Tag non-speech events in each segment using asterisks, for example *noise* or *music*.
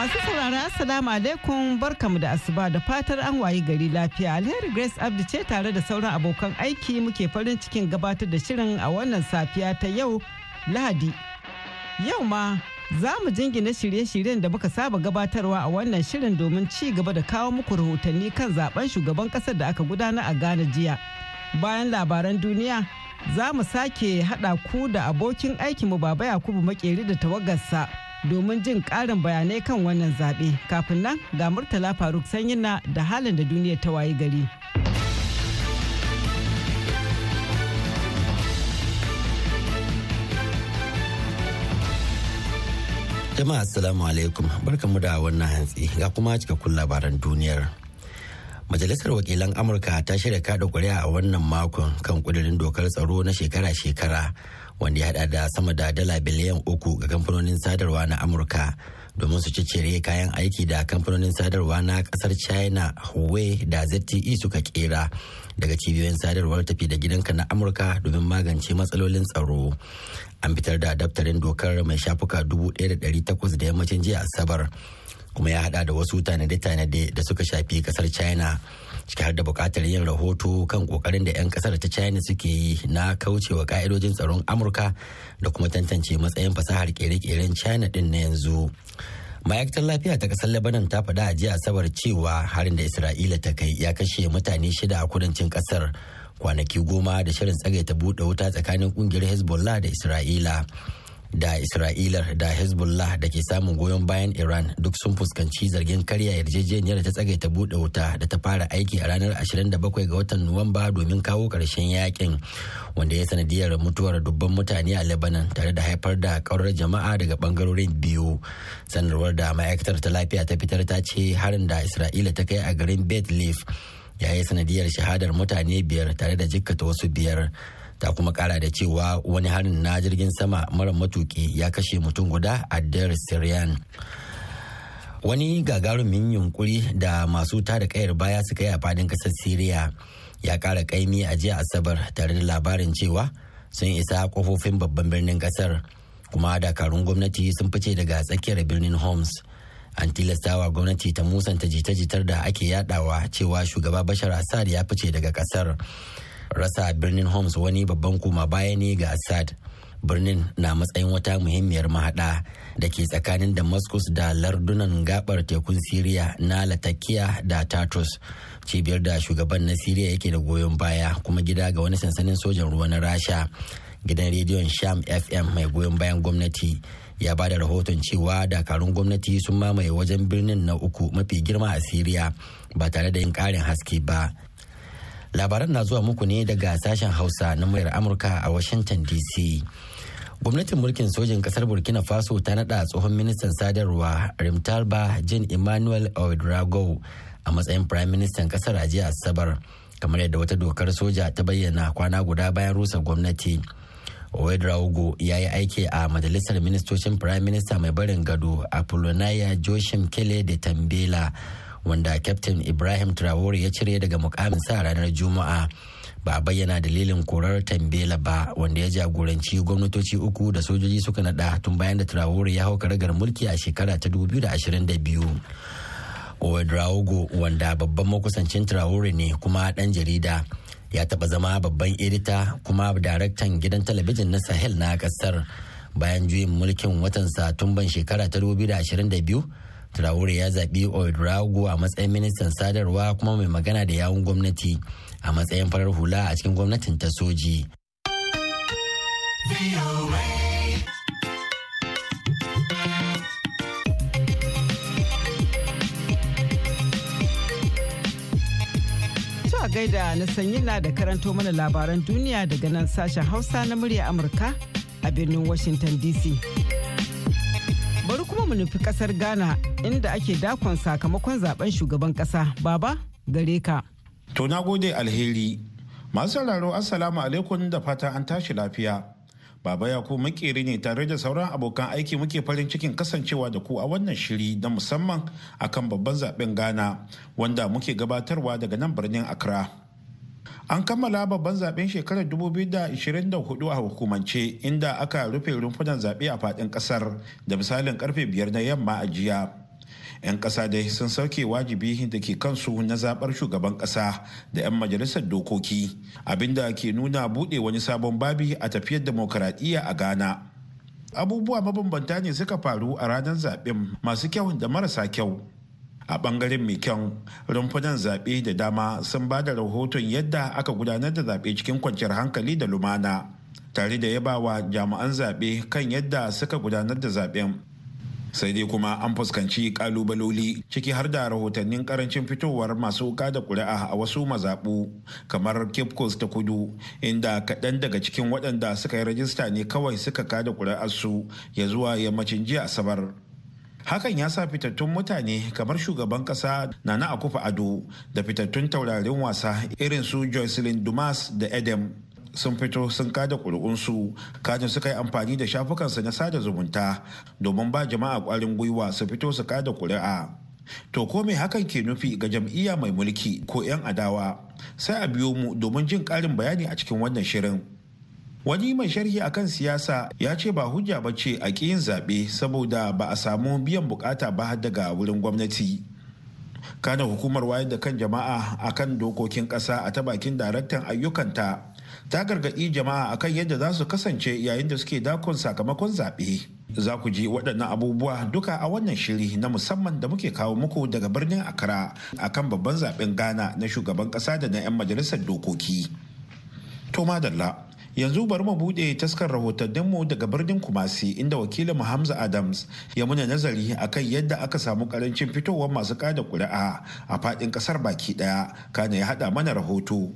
Masu saurara salamu alaikum barkamu da asuba da fatar an wayi gari lafiya alheri Grace Abdi ce tare da sauran abokan aiki muke farin cikin gabatar da shirin a wannan safiya ta yau Lahadi. Yau ma za mu jingina shirye-shiryen da muka saba gabatarwa a wannan shirin domin ci gaba da kawo muku rahotanni kan zaben shugaban kasar da aka gudana a Ghana jiya. Bayan labaran duniya, za mu sake haɗa ku da abokin aikinmu Baba Yakubu Makeri da tawagarsa. domin jin karin bayanai kan wannan zaɓe kafin nan ga murtala faruk sanyina da halin da duniya ta wayi gari jama'a assalamu alaikum barkamu da wannan hantsi ga kuma cikakkun labaran duniyar majalisar wakilan amurka ta shirya kaɗa kuri'a a wannan makon kan ƙudurin dokar tsaro na shekara-shekara wanda ya hada da sama da dala biliyan uku ga kamfanonin sadarwa na amurka domin su cire kayan aiki da kamfanonin sadarwa na kasar china huawei da zte suka kera daga cibiyoyin sadarwar tafi da gidanka na amurka domin magance matsalolin tsaro an fitar da daftarin dokar mai shafuka 1,800 da yammacin jiya asabar kuma ya hada da wasu tanade-tanade da suka shafi kasar china ciki har da buƙatar yin rahoto kan kokarin da 'yan ƙasar ta china suke yi na kaucewa ƙa'idojin tsaron amurka da kuma tantance matsayin fasahar kere-keren china ɗin na yanzu ma'aikatar lafiya ta ƙasar lebanon ta faɗa a jiya asabar cewa harin da isra'ila ta kai ya kashe mutane shida a kudancin ƙasar kwanaki goma da shirin tsagaita buɗe wuta tsakanin ƙungiyar hezbollah da isra'ila da isra'ilar da hezbollah da ke samun goyon bayan iran duk sun fuskanci zargin karya yarjejeniyar da ta ta buɗe wuta da ta fara aiki a ranar 27 ga watan nuwamba domin kawo ƙarshen yakin wanda ya sanadiyar mutuwar dubban mutane a lebanon tare da haifar da ƙaurar jama'a daga bangarorin biyu sanarwar da ma'aikatar ta lafiya ta fitar ta ce harin da isra'ila ta kai a garin beth leaf ya yi sanadiyar shahadar mutane biyar tare da jikkata wasu biyar ta kuma kara da cewa wani harin na jirgin sama mara matuki ya kashe mutum guda a dar syrian wani gagarumin yunkuri da masu tada kayar baya suka yi a fadin kasar syria ya kara kaimi a jiya asabar tare da labarin cewa sun isa kofofin babban birnin kasar kuma dakarun gwamnati sun fice daga tsakiyar birnin homs an tilastawa gwamnati ta musanta jita-jitar da ake yadawa cewa shugaba bashar assad ya fice daga kasar rasa birnin homs wani babban koma baya ne ga assad birnin na matsayin wata muhimmiyar mahada da ke tsakanin damascus da lardunan gabar tekun siriya na latakia da tartus cibiyar da shugaban na siriya yake da goyon baya kuma gida ga wani sansanin sojan ruwa na rasha gidan rediyon sham fm mai goyon bayan gwamnati ya ba da rahoton cewa dakarun gwamnati sun mamaye wajen birnin na uku mafi girma a siriya ba tare da yin karin haske ba labaran na zuwa muku ne daga sashen hausa na muryar amurka a washington dc gwamnatin mulkin sojin kasar burkina faso ta nada tsohon ministan sadarwa rimtalba jin emmanuel ouedraogo a matsayin prime ƙasar kasar a jiya asabar kamar yadda wata dokar soja ta bayyana kwana guda bayan rusa gwamnati ouedraogo ya yi aiki a majalisar ministocin prime minister mai barin gado a apollonia joshim kele de tambela wanda Kyaftin Ibrahim Traore ya cire daga mukamin sa ranar Juma'a. Ba a bayyana dalilin korar Tambela ba wanda ya jagoranci gwamnatoci uku da sojoji suka naɗa tun bayan da Traore ya hau karagar mulki a shekara ta 2022. Ouedraogo wanda babban makusancin Traore ne kuma ɗan jarida ya taɓa zama babban edita kuma daraktan gidan talabijin na Sahel na ƙasar bayan juyin mulkin watan Satumban shekara ta 2022 Traore ya zaɓi Oedrago a matsayin ministan sadarwa kuma mai magana da yawun gwamnati a matsayin farar hula a cikin gwamnatin ta soji. a gaida na sanyi na da karanto mana labaran duniya daga nan sashen hausa na murya amurka a birnin washington dc mu nufi kasar Ghana inda ake dakon sakamakon zaben shugaban kasa. Baba gare ka. To na gode alheri. Masu sauraro Assalamu alaikum da fata an tashi lafiya. Baba ku makeri ne tare da sauran abokan aiki muke farin cikin kasancewa da ku a wannan shiri na musamman akan babban zaben Ghana wanda muke gabatarwa daga nan birnin Accra. an kammala babban zaben shekarar 2024 a hukumance inda aka rufe rumfunan zaɓe a faɗin ƙasar da misalin karfe biyar na yamma a jiya 'yan ƙasa da sun sauke wajibi da ke kansu na zaɓar shugaban ƙasa da 'yan majalisar dokoki abinda ke nuna buɗe wani sabon babi a tafiyar demokaradiyya a ghana abubuwa mabambanta ne suka faru a ranar zaɓen masu kyau da marasa kyau a bangaren mai rumfunan zaɓe da dama sun ba da rahoton yadda aka gudanar da zaɓe cikin kwanciyar hankali da lumana tare da yaba wa jami'an zaɓe kan yadda suka gudanar da zaɓen sai dai kuma an fuskanci kalubaloli ciki har da rahotannin karancin fitowar masu wuka da ƙuri'a a wasu mazaɓu kamar cape coast ta kudu inda kaɗan daga cikin waɗanda suka yi rajista ne kawai suka kada su ya zuwa yammacin jiya asabar hakan ya sa fitattun mutane kamar shugaban kasa nana akufa ado da fitattun taurarin wasa irin su jocelyn dumas da edem sun fito sun kada ƙuri'unsu kajin suka yi amfani da shafukansu na sada zumunta domin ba jama'a ƙwarin gwiwa su fito su kada ƙuri'a to ko me hakan ke nufi ga jam'iyya mai mulki ko 'yan adawa sai a biyo mu domin jin ƙarin bayani a cikin wannan shirin wani mai sharhi akan siyasa ya ce ba hujja ba ce a ƙiyin zaɓe saboda ba a samu biyan bukata ba daga wurin gwamnati kana hukumar wayar da kan jama'a akan dokokin ƙasa a ta bakin daraktan ayyukanta ta gargaɗi jama'a akan yadda za su kasance yayin da suke dakon sakamakon zaɓe za ku ji waɗannan abubuwa duka a wannan shiri na musamman da muke kawo muku daga birnin akara akan babban zaɓen ghana na shugaban ƙasa da na 'yan majalisar dokoki to madalla yanzu bari mu bude taskar rahotanninmu daga birnin kumasi inda wakilin mu hamza adams ya muna nazari akan yadda aka samu karancin fitowar masu kada kuri'a a fadin kasar baki daya kana ya hada mana rahoto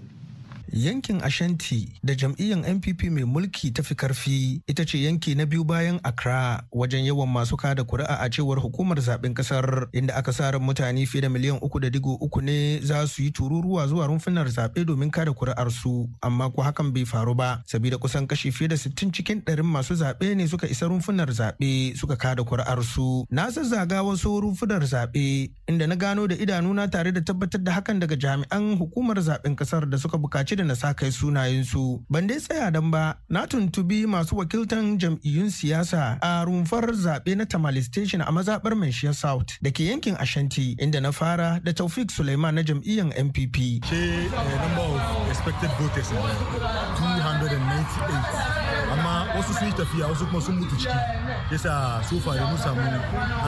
yankin ashanti da jam'iyyar npp mai mulki ta fi karfi ita ce yanki na biyu bayan accra wajen yawan masu kada kuri'a a cewar hukumar zaben kasar inda aka sa ran mutane fiye da miliyan uku da digo uku ne za su yi tururuwa zuwa rumfunar zaɓe domin kada kuri'ar su amma ko hakan bai faru ba sabida kusan kashi fiye da sittin cikin ɗarin masu zaɓe ne suka isa rumfunar zaɓe suka kada kuri'ar su na zazzaga wasu rumfunar zaɓe inda na gano da idanuna tare da tabbatar da hakan daga jami'an hukumar zaben kasar da suka buƙaci da na sa kai sunayensu. Ban dai tsaya dan ba, na tuntubi masu wakiltan jam'iyyun siyasa a rumfar zaɓe na Tamale Station a mazaɓar Manshiya South da ke yankin Ashanti inda na fara da Taufik Suleiman na jam'iyyar NPP. She eh, number of expected voters 298. amma wasu sun yi tafiya wasu kuma sun mutu ciki yasa so far mun samu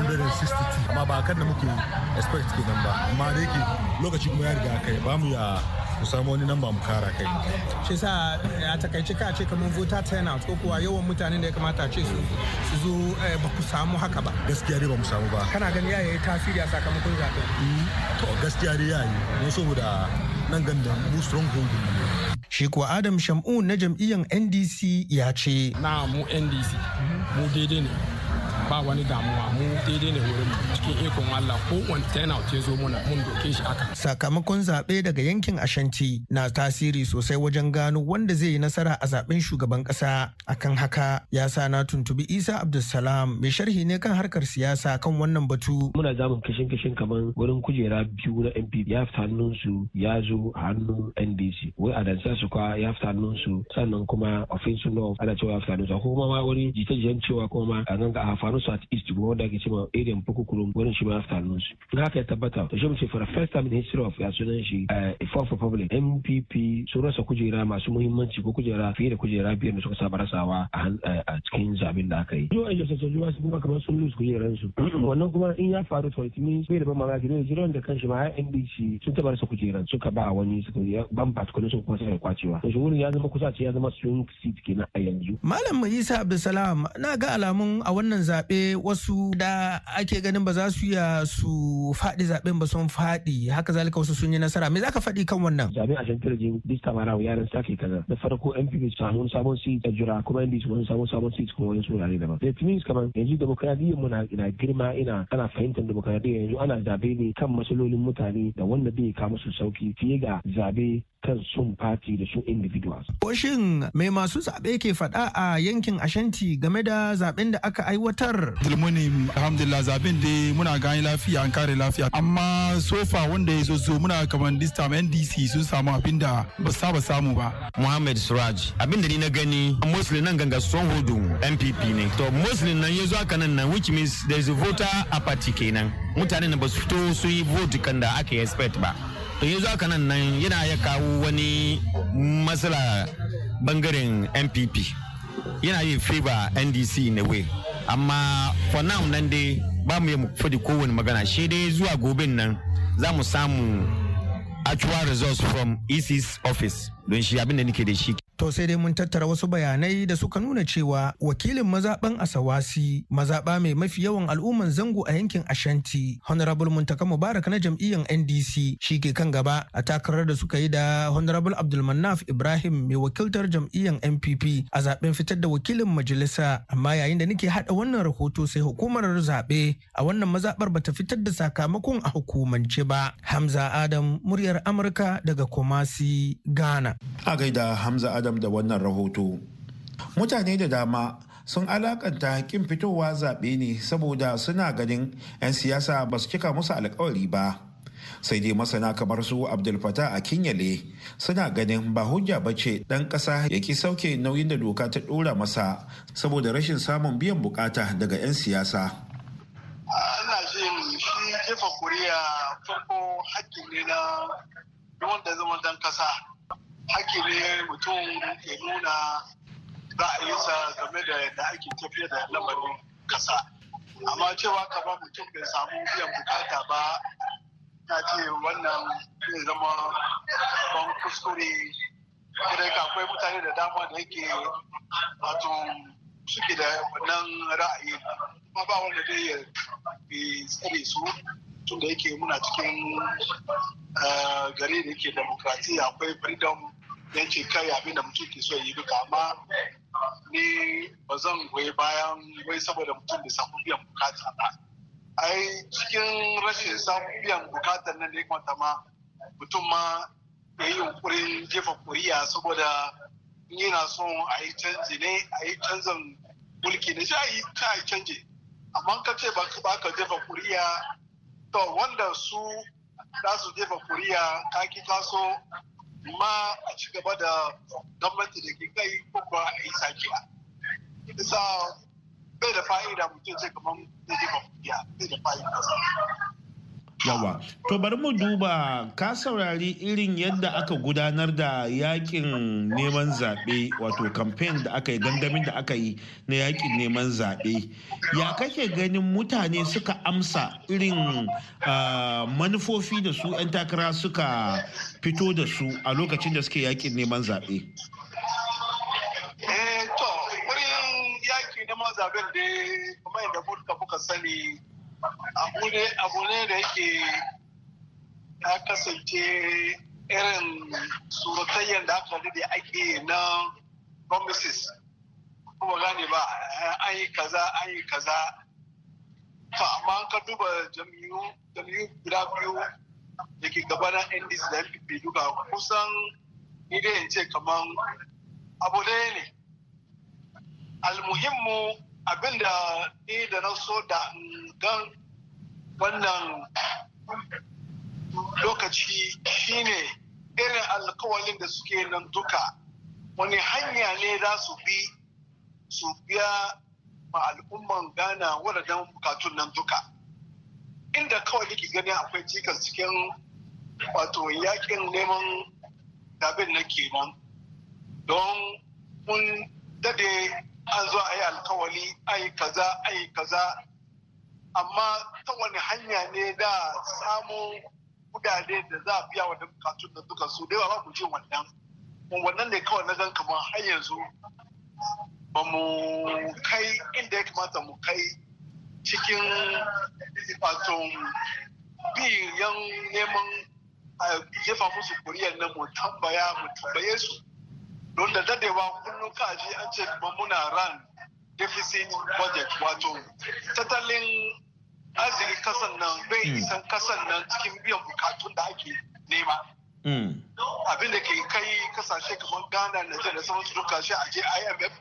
162 amma ba kan da muke expect kenan ba amma da yake lokaci kuma ya riga kai ba mu ya ku samu wani namba mu kara kai shi sa a takaice ka ce kamar vota turnout ko kuwa yawan mutanen da ya kamata ce su su zo eh, ba ku samu haka ba gaskiya ne ba mu samu ba kana gani ya yi tasiri a sakamakon zaɓe mm. to gaskiya ne ya yi saboda nan ganda mu strong ne shi kuwa adam shamu na jam'iyyar ndc ya ce na mu ndc mu daidai ne ba wani damuwa mu daidai ne wurin cikin ikon Allah ko wani turnout ya zo muna mun doke shi aka. Sakamakon zaɓe daga yankin Ashanti na tasiri sosai wajen gano wanda zai yi nasara a zaɓen shugaban ƙasa akan haka ya sa na tuntubi Isa Abdulsalam mai sharhi ne kan harkar siyasa kan wannan batu. Muna zamun kishin kishin kaman wurin kujera biyu na MP ya fita hannunsu ya zo hannun NDC wai a dansa su kwa ya fita hannunsu sannan kuma ofinsu north ana cewa ya fita hannunsu kuma ma wani jita-jitan cewa kuma a nan ga a sami su at east kuma wanda ake cewa area bukukurum wurin shi ma sami su in haka ya tabbata to shi mu ce for the first time in history of ya sunan shi eh, a fourth republic npp sun rasa kujera masu muhimmanci ko kujera fiye da kujera biyar da suka saba rasawa a eh, cikin zaben da aka yi yau ayyuka sojoji ba su kuma kamar sun lose kujeran su *clears throat* wannan kuma in ya faru to it means bai da ban mamaki ne jiran da kanshi ma har ndc sun taba rasa kujeran suka ba wani suka ban particular sun kuma sai kwacewa to shi wurin ya zama kusa ce ya zama swing seat kenan a yanzu malam isa abdulsalam na ga alamun a wannan zaɓe zaɓe wasu da ake ganin ba za su iya su faɗi zaɓen ba sun faɗi haka zalika wasu sun yi nasara me za ka faɗi kan wannan. Zaɓe a shan Shantarji Dista Mara ya ran sake kaza da farko NPP su samu sabon seat a jura kuma NDC wani sabon sabon seat kuma wani surare daban. Da tunis kamar yanzu demokradiyyar mu na girma ina ana fahimtar demokradiyyar yanzu ana zaɓe ne kan matsalolin mutane da wanda bai kawo musu sauki fiye ga zaɓe kan sun fati da su individuals. Ko shin mai masu zaɓe ke faɗa a yankin Ashanti game da zaɓen da aka aiwatar? dulmuni alhamdulillah zaɓen dai muna gani lafiya an kare lafiya amma sofa wanda ya zo muna kamar this time NDC sun samu abin da ba saba samu ba. Muhammad Suraj abin da ni na gani Muslim nan ganga son hudu MPP ne. To Muslim nan ya zo aka nan nan which means there is a voter apathy kenan. Mutanen ba su fito su yi vote kan da aka expect ba. to yanzu haka nan nan yana ya kawo wani matsala bangaren npp yana yi fiba ndc in a way amma for now nan dai ba mu yi fadi kowane magana shi dai zuwa gobe nan za mu samu actual results from ec's office don shi abin da nake da shi To sai dai mun tattara wasu bayanai da suka nuna cewa wakilin mazaɓan Asawasi mazaɓa mai mafi yawan al'umman zango a yankin Ashanti Honorable Muntaka Mubarak na jam'iyyar NDC shi ke kan gaba a takarar da suka yi da Honorable Abdulmanaf Ibrahim mai wakiltar jam'iyyar NPP a zaɓen fitar da wakilin majalisa amma yayin da nake haɗa wannan rahoto sai hukumar zaɓe a wannan mazaɓar bata fitar da sakamakon a hukumance ba. Hamza Adam muryar Amurka daga Kumasi Ghana. A gaida Hamza Adam adam da wannan rahoto mutane da dama sun alakanta hakkin fitowa zaɓe ne saboda suna ganin 'yan siyasa ba su cika musu alkawari ba sai dai masana kamar su abdulfata a kinyale suna ganin ba hujja ba ce ɗan ƙasa ya ki sauke nauyin da doka ta ɗora masa saboda rashin samun biyan bukata daga 'yan siyasa ana jin shi jefa kuriya farko hakkin ne na wanda zama dan ƙasa haƙƙi ne mutum ke nuna ra'ayinsa game da yadda ake tafiya da lamarin ƙasa amma cewa kama mutum bai samu biyan bukata ba ta ce wannan zai zama ban kuskure kuma ka akwai mutane da dama da yake wato suke da wannan ra'ayi kuma ba wanda zai ya tsare su tun da yake muna cikin eh, gari da yake demokratiya akwai freedom don ce kai abin da mutum ke so yi duka amma ni ba zan goyi bayan wai saboda mutum da samu biyan bukata ba ai cikin rashin samun biyan bukata nan da ya kamata, ma mutum ma ya yi yunkurin jefa kuriya saboda yana son a yi canji ne a yi canzan mulki ne sai a yi ta canji amma ka ce ba ka jefa kuriya to wanda su za su jefa kuriya ka ki taso ma a ci gaba da gwamnati da ke kai ko ba a yi ya isa bai da fa'ida mutum sai kamar zai ba biya bai da fa'ida yawa to bari mu duba ka saurari irin yadda aka gudanar da yakin neman zaɓe wato kamfen da aka yi gangamin da aka yi na yakin neman zaɓe ya kake ganin mutane suka amsa irin ah, manufofi da su 'yan takara suka fito da su a lokacin da suke yakin neman zaɓe eh, zaɓen da kuma yadda muka sani abu ne da yake ya kasance irin surutayyar da aka da ake na promises kuma gane ba an yi kaza an yi kaza to amma ka duba Jamiu, guda biyu da ke gabanin ndc da npp duka kusan idan ce kaman. abu ɗaya ne almuhimmu abinda ni da na so da don wannan lokaci shine irin alkawalin da suke nan duka wani hanya ne za su bi su biya ma al'umman ghana wadannan bukatun nan duka inda kawai yake gani akwai cikas cikin wato yakin neman zaben na kenan don mun dade an zo a yi alkawali a kaza a kaza amma ta wani hanya ne da samun kudade da za a biya wannan bukatun da duka su da yawa ba wannan wannan ne kawai na gan kamar har yanzu ba mu kai inda ya kamata mu kai cikin biyu biyan neman a jefa musu kuriyar na mu tambaya mu tambaye su don da dadewa kullum kaji an ce kuma muna ran deficit budget wato tattalin Aziki kasan nan bai hmm. isan kasan nan cikin biyan bukatun da ake nema hmm. abin da ke kai kasashe kamar ghana nijar da sauransu duka, kashe a je imf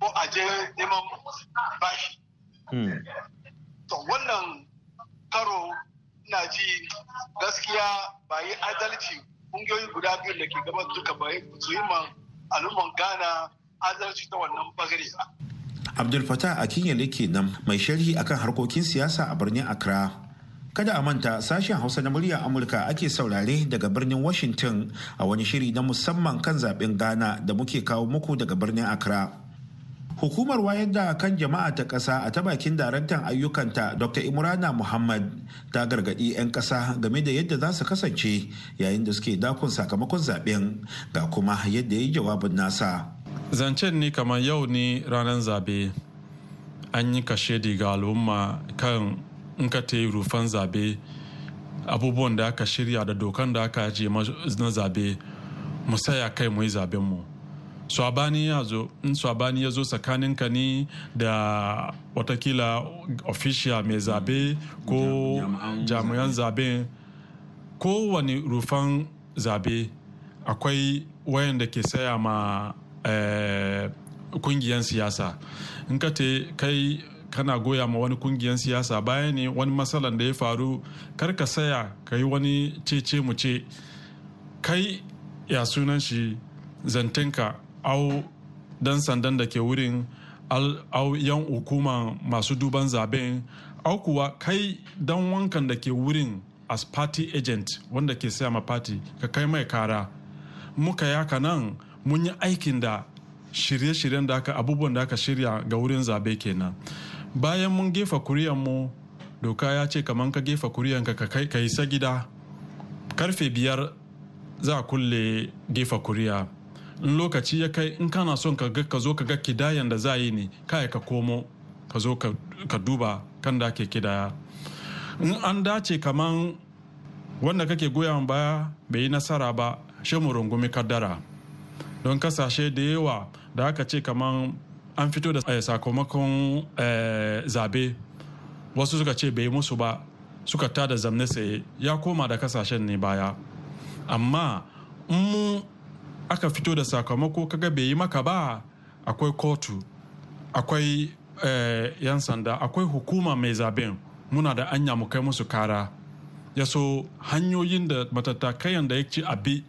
ko a je neman bashi hmm. to wannan karo ina ji gaskiya ba yi adalci kungiyoyi guda biyu da ke gaban duka ba su yi ma al'umman ghana adalci ta wannan bagare ba abdul fatah ke nan mai sharhi akan harkokin siyasa a birnin accra kada a manta sashen hausa na murya amurka ake saurare daga birnin washington a wani shiri na musamman kan zaben ghana da muke kawo muku daga birnin accra hukumar wayar da kan jama'a ta ƙasa a ta bakin daraktan ayyukanta dr imrana muhammad ta gargaɗi 'yan ƙasa game da yadda za su kasance yayin da suke dakon sakamakon zaben ga kuma yadda ya yi jawabin nasa zancen ne kamar yau ne ranar zabe an yi kashe ga al'umma kan in ka ta yi rufan zabe abubuwan da aka shirya da dokan da aka je na zabe mu saya kai mu yi zaben mu swabani ya zo in ka ya zo ka ni da watakila official mai zabe ko jami'an zabe kowane rufan zabe akwai wayan da ke saya ma Eh, kungiyan siyasa in ka te kai kana goya ma wani kungiyar siyasa bayan ne wani matsalan da ya faru kar ka saya ka yi wani cece mu ce kai ya sunan shi zantinka au dan sandan da ke wurin au yan hukuma masu duban zaben au kuwa kai dan wankan da ke wurin as party agent wanda ke saya ma party ka kai mai kara muka yaka nan mun yi aikin da shirye-shiryen da aka abubuwan da aka shirya ga wurin zabe kenan bayan mun gefa kuriyan mu doka ya ce kamar ka gefa kuriyan ka ka isa gida karfe biyar za kulle gefa kuriya in lokaci ya kai in kana son ka zo ka ga kidayan da za yi ne kai ka komo ka zo ka duba kan da ke kidaya in an dace kaman wanda kake goyon baya bai yi nasara ba shi mu rungumi kaddara don kasashe da yawa da aka ce kamar an fito da eh, sakamakon eh, zabe wasu suka ce bai musu ba suka ta da zamne tsaye ya koma da kasashen ne baya amma in mu aka fito da sakamako kaga bai yi maka ba akwai kotu akwai eh, yan sanda akwai hukuma mai zaben muna da anya mu kai musu kara ya so hanyoyin da matattakayan da ya ci abi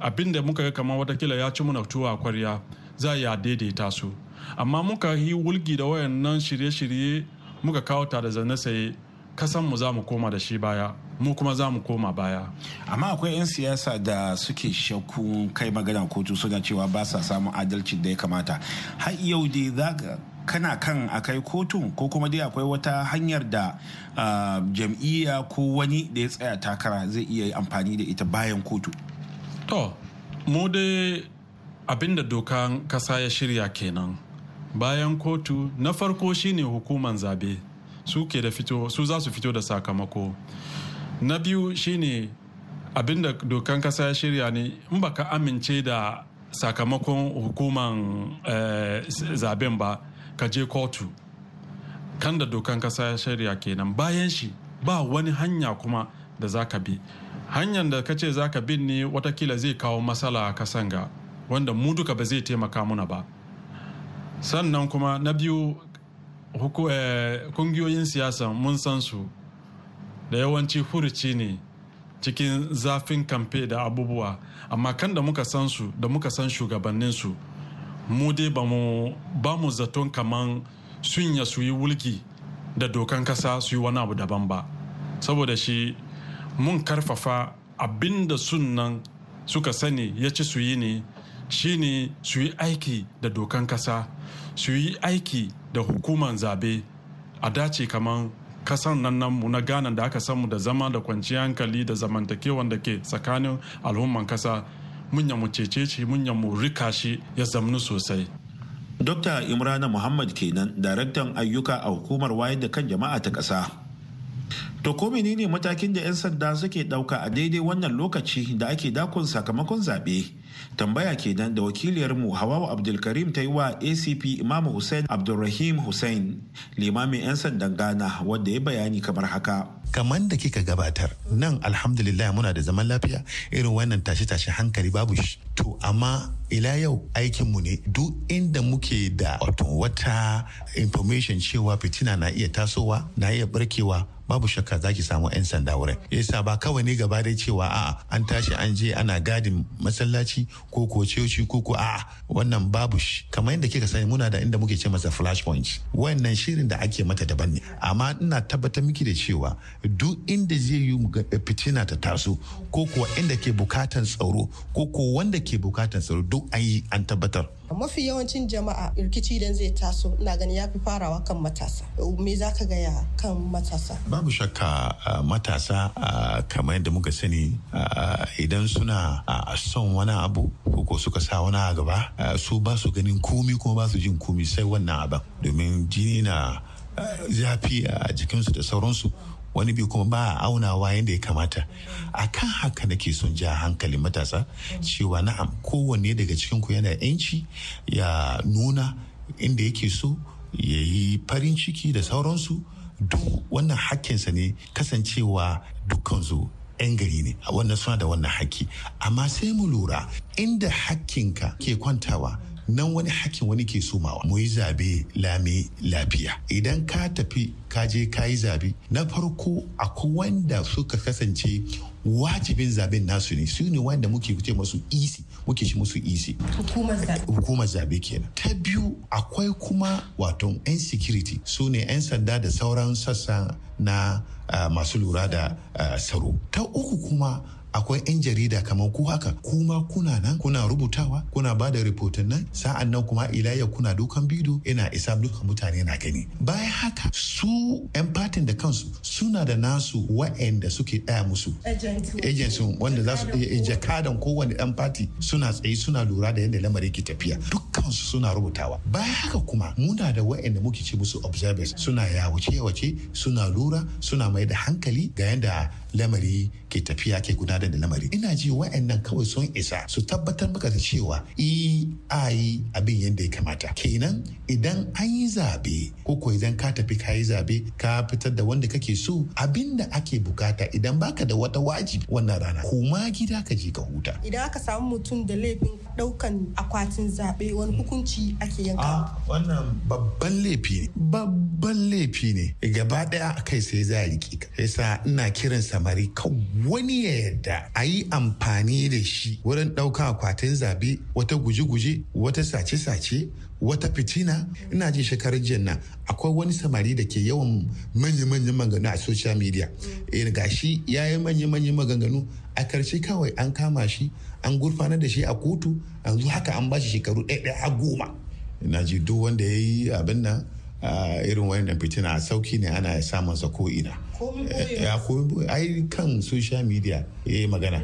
abin da muka ga kamar watakila ya ci muna tuwa kwarya za a daidaita su amma muka yi wulgi da wayannan shirye-shirye muka kawo ta da zane saye kasan mu za mu koma da shi baya mu kuma za mu koma baya amma akwai 'yan siyasa da suke shakku kai magana kotu suna cewa ba sa samun adalci da ya kamata har yau dai za kana kan akai kotu ko kuma dai akwai wata hanyar da ah, jam'iyya ko wani da ya tsaya takara zai iya amfani da ita bayan kotu to mu dai abinda dokan kasa ya shirya kenan bayan kotu na farko shine hukuman zabe su ke da fito su za su fito da sakamako na biyu shine abinda dokan kasa ya shirya ne in baka amince da sakamakon hukuman eh, zaben ba ka je kotu kan da dokan kasa ya shirya kenan bayan shi ba wani hanya kuma da za ka bi hanyar da ka ce za ka bin ne watakila zai kawo matsala a kasanga wanda mu duka ba zai taimaka muna ba sannan kuma na biyu eh, kungiyoyin siyasa mun san su da yawanci furuci ne cikin zafin kamfe da abubuwa amma kan da muka san su da muka san shugabanninsu mu dai ba mu zaton kaman sunya su yi wulki da dokan kasa su yi wani abu daban ba saboda shi mun karfafa abin da sunan suka sani ya ci su yi ne shine su yi aiki da dokan kasa su yi aiki da hukuman zabe a dace kamar kasan nan namu na gana da aka mu da zama da kwanciyar hankali da zamantakewan da ke tsakanin al'umman kasa munya mu cece shi munya mu rika shi ya zamnu sosai Dokta Imrana Muhammad kenan, daraktan ayyuka a hukumar wayar da kan jama'a ta kasa. To ko menene matakin da 'yan sanda suke dauka a daidai wannan lokaci da ake dakon sakamakon zaɓe? Tambaya ke nan da wakiliyarmu Hawawa Abdulkarim ta yi wa ACP Imam Hussein Abdulrahim Hussein limamin 'yan sandan Ghana wanda ya bayani kamar haka. Kamar da kika gabatar nan alhamdulillah muna da zaman lafiya irin wannan tashe-tashe hankali babu shi. To amma ila yau aikinmu ne duk inda muke da wata information cewa fitina na iya tasowa na iya barkewa babu shakka zaki samu 'yan sanda wurin yasa ba kawai ne gaba dai cewa a'a an tashi an je ana gadin masallaci ko ko coci ko ko a'a wannan babu shi kamar yadda kika sani muna da inda muke ce masa flash point wannan shirin da ake mata daban ne amma ina tabbatar miki da cewa duk inda zai yi fitina ta taso ko kuwa inda ke bukatan tsaro ko ko wanda ke bukatan tsaro duk an yi an tabbatar mafi yawancin jama'a rikici idan zai taso ina gani ya fi farawa kan matasa me za ka gaya kan matasa babu shakka matasa kamar yadda muka sani idan suna son wani abu ko suka sa wani a gaba su ba su ganin komi kuma ba su jin komi sai wannan abin domin jini na zafi a jikinsu da sauransu wani bi kuma ba aunawa yadda ya kamata a kan haka nake son ja hankali matasa cewa na'am kowanne daga cikin ku yana yanci ya nuna inda yake so ya yi farin ciki da sauransu duk wannan hakkinsa ne kasancewa dukkansu 'yan gari ne wannan suna da wannan hakki amma sai mu lura inda hakkinka ke kwantawa nan wani hakkin wani ke somawa mu yi zabe lami lafiya idan ka tafi ka je ka yi zabe na farko akwai wanda suka kasance wajibin zaben nasu ne su ne wanda muke ce masu isi e muke shi musu isi hukumar zabe kenan ta biyu akwai kuma wato yan security su ne yan sanda da sauran sassa na ah, masu lura da ah, tsaro ta uku kuma akwai 'yan jarida kamar ku haka kuma kuna nan kuna rubutawa kuna ba da rahoton nan sa'an nan kuma ilayya kuna dukan bido ina isa duka mutane na gani bayan haka su 'yan fatin da kansu suna da nasu wa'anda suke ɗaya musu agents wanda za su iya eh, eh, jakadan kowane 'yan fati suna tsaye suna lura da yadda lamarin ke tafiya dukkansu suna rubutawa bayan haka kuma muna da wa'anda muke ce musu observers suna yawace yawace suna lura suna mai da hankali ga yadda lamari ke tafiya ke gudanar da lamari ina ji wa'annan kawai sun isa su tabbatar maka da cewa e a yi abin yadda ya kamata kenan idan an yi zabe ko idan ka tafi ka yi zabe ka fitar da wanda kake so abin da ake bukata idan baka da wata wajibi wannan rana kuma gida ka je ka huta idan aka samu mutum da laifin daukan akwatin zabe wani hukunci ake yanka ah, wannan babban laifi ne babban laifi ne gaba daya kai sai za a riƙe ka yasa ina kiransa al'amari kan wani ya yadda a yi amfani da shi wurin ɗauka akwatin zabe wata guje-guje wata sace-sace wata fitina ina ji shekarar jiya nan akwai wani samari da ke yawan manya-manyan maganganu a social media eh, ga shi ya yi manya-manyan maganganu a karshe kawai an kama shi an gurfanar da shi a kotu yanzu haka an ba shekaru ɗaya a goma ina ji duk wanda ya yi abin nan ah, irin wannan fitina a sauki ne ana samun sa ko ina ya komi boye ai kan social media ya magana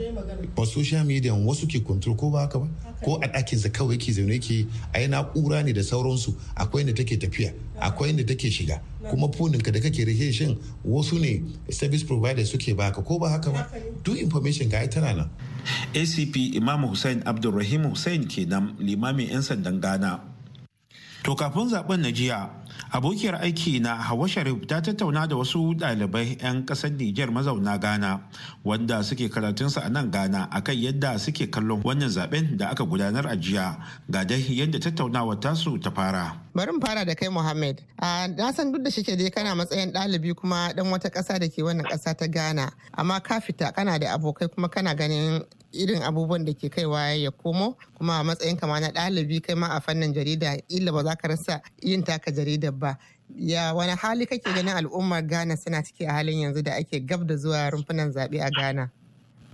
ba social media wasu ke control ko ba haka ba ko a sa kawai yake zaune yake ai na'ura ne da sauransu akwai inda take tafiya akwai inda take shiga kuma foninka da kake rike shin wasu ne service provider suke baka ko ba haka ba duk information ga tana nan acp imam hussein abdulrahim hussein kenan limamin 'yan sandan ghana to kafin zaben na jiya abokiyar aiki na hawa sharif ta tattauna da wasu ɗalibai 'yan ƙasar niger mazauna ghana wanda suke karatunsa a nan ghana akan yadda suke kallon wannan zaben da aka gudanar a jiya ga dai yadda tattaunawa tasu ta fara bari fara da kai Mohammed. na san duk da shike dai kana matsayin ɗalibi kuma dan wata ƙasa da ke wannan ƙasa ta Ghana. Amma ka fita kana da abokai kuma kana ganin irin abubuwan da ke kaiwa ya komo kuma a matsayin kama na ɗalibi kai ma a fannin jarida illa ba za ka rasa yin taka jaridar ba ya wani hali kake ganin al'ummar ghana suna ciki a halin yanzu da ake gab da zuwa rumfunan zaɓe a ghana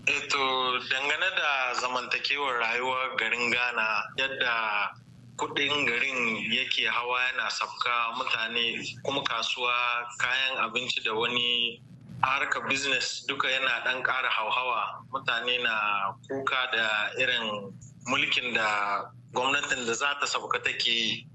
eto eh dangane da zamantakewar rayuwa garin ghana yadda kudin garin yake hawa yana sabka mutane kuma kasuwa kayan abinci da wani a harkar business duka yana ɗan ƙara hauhawa mutane na kuka da irin mulkin da gwamnatin da za ta sauka take yi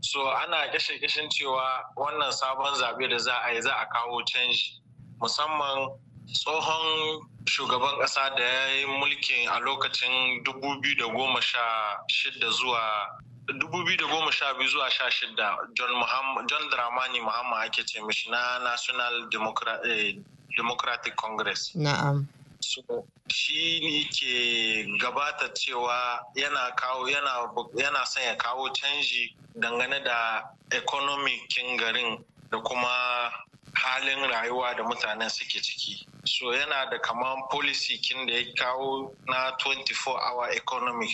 so ana gashe cewa wannan sabon zaɓe da za a yi za a kawo canji musamman tsohon shugaban ƙasa da ya yi mulkin a lokacin 2016 zuwa 2012 zuwa 16 john, john dramani muhammad ake ce mishi na national Democrat, eh, democratic congress na'am so shi ne ke gabata cewa yana kawo yana, yana son ya kawo canji dangane da kin garin da kuma halin rayuwa da mutanen suke ciki so yana da kaman policy kin da ya kawo na 24 hour economy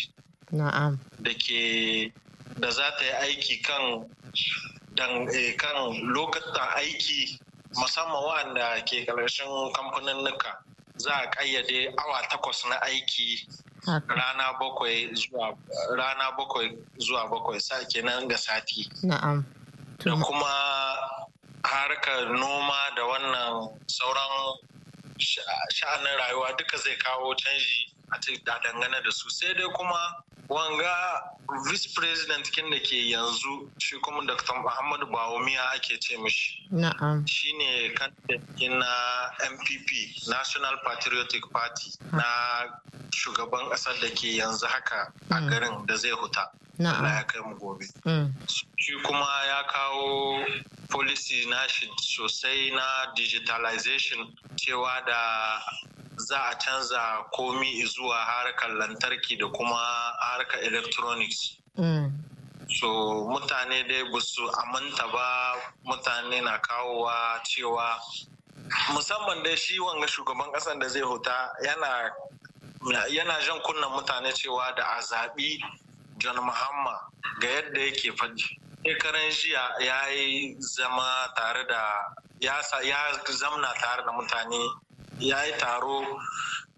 na'am da ke da za ta yi aiki kan dan eh, kan lokacin aiki musamman waɗanda ke ƙarshen kamfanin nuka za a ƙayyade awa takwas na aiki rana bakwai zuwa rana bakwai zuwa bakwai sa kenan ga sati na'am da kuma harkar noma da wannan sauran sha'anin rayuwa duka zai kawo canji a dangane da su sai dai kuma wanga vice president kin da ke yanzu shi kuma dr muhammadu bawumiya ake ce mishi shi ne na mpp national patriotic party ah. na shugaban kasar da ke yanzu haka a mm. garin da zai huta Allah ya kai mu gobe mm. shi kuma ya kawo policy na shi sosai na digitalization cewa da za a canza komi zuwa harkar lantarki da kuma harkar electronics. Mm. So mutane dai ba su aminta ba mutane na kawowa cewa musamman dai shi wanga shugaban kasan da zai huta yana yana jan kunnan mutane cewa da a zaɓi John Mahama ga yadda yake faɗi. Shekaran jiya ya yi zama tare da ya zamna tare da mutane ya yi taro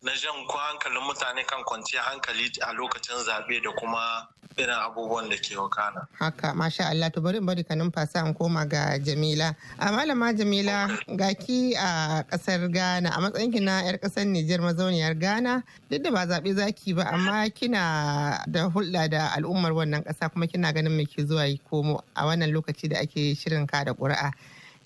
na jan kwa hankalin mutane kan kwanciyar hankali a lokacin zaɓe da kuma irin abubuwan da ke wakana. Haka, masha Allah, to bari bari ka numfasa an koma ga Jamila. A malama Jamila, ga ki a ƙasar Ghana, a matsayin ki na 'yar ƙasar Nijar mazauniyar Ghana, duk da ba zaɓe zaki ba, amma kina da hulɗa da al'ummar wannan ƙasa kuma kina ganin me ke zuwa yi komo a wannan lokaci da ake shirin ka da ƙuri'a.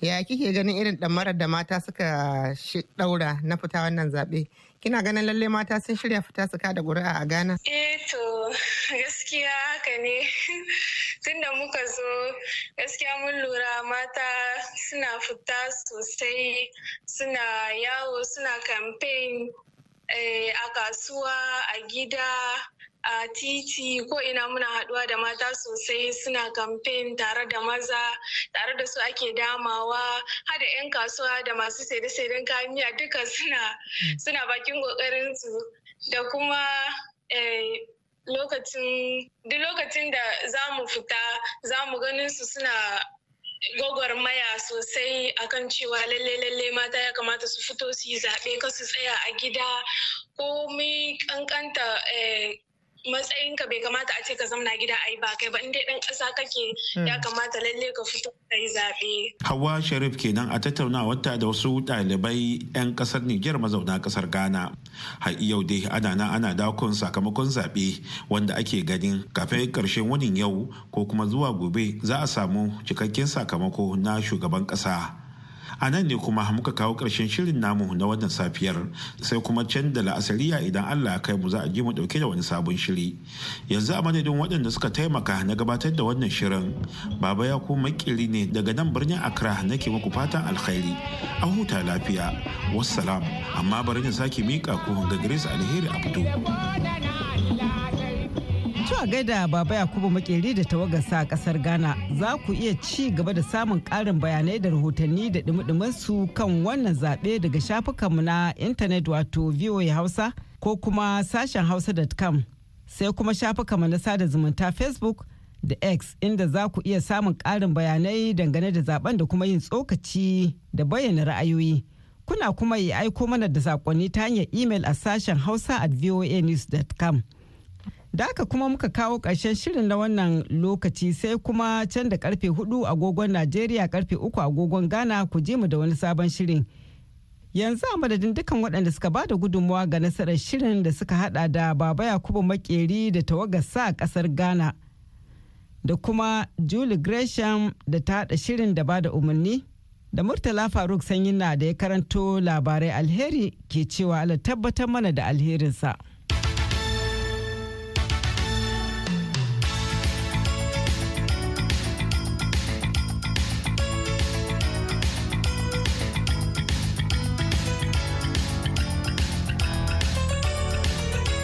ya kike ganin irin ɗamarar da mata suka ɗaura na fita wannan zaɓe kina ganin lalle mata sun shirya fita su kada ƙuri'a a gana eh to gaskiya haka ne *laughs* tunda muka zo gaskiya mun lura mata suna fita sosai suna yawo suna campaign eh, a kasuwa a gida a titi ko ina muna haɗuwa da mata sosai suna kamfen tare da maza tare da su ake damawa hada 'yan kasuwa da masu saide-saiden kayan duka suna mm. bakin kokarin su da kuma eh, lokacin duk lokacin da za mu fita za mu ganin su suna maya sosai akan cewa lalle lalle mata ya kamata su fito su yi zaɓe ka su tsaya a gida ko komai kankanta eh, matsayin ka bai kamata a ce ka zamna gida ai ba kai ba in dai dan kasa kake hmm. ya kamata lalle ka fito ka yi zaɓe. Hawa Sharif kenan a tattaunawar ta da wasu ɗalibai 'yan ƙasar Nijar mazauna ƙasar Ghana. Har yau dai ana na ana dakon sakamakon zaɓe wanda ake ganin kafin karshen wani yau ko kuma zuwa gobe za a samu cikakken sakamako na shugaban ƙasa. a nan ne kuma muka kawo ƙarshen shirin namu na wannan safiyar sai kuma can da la'asariya idan allah kai mu za a ji mu ɗauke da wani sabon shiri yanzu a madadin waɗanda suka taimaka na gabatar da wannan shirin baba ya kuma makiri ne daga nan birnin accra nake muku fatan alkhairi a huta lafiya wassalam amma bari na sake miƙa ku ga grace alheri abdu To gaida Baba Yakubu Makeri da tawagarsa a kasar Ghana za ku iya ci gaba da samun ƙarin bayanai da rahotanni da dumi su kan wannan zaɓe daga shafukanmu na intanet wato VOA Hausa ko kuma sashen hausa.com sai kuma shafukanmu na sada zumunta Facebook da X inda za ku iya samun karin bayanai dangane da zaben da kuma yin tsokaci da bayyana ra'ayoyi. Kuna kuma yi aiko mana da saƙonni ta hanyar email a sashen hausa at voanews.com. Da aka kuma muka kawo ƙarshen shirin na wannan lokaci sai kuma can da karfe 4 agogon Najeriya karfe 3 agogon Ghana ku je mu da wani sabon shirin. Yanzu a madadin dukkan waɗanda suka ba da gudunmawa ga nasarar shirin da suka hada da Baba Yakubu Makeri da tawagar sa ƙasar Ghana da kuma Julie Gresham da ta haɗa shirin da ba da umarni da Murtala Faruk sanyi na da ya karanto labarai alheri ke cewa ala tabbatar mana da alherinsa.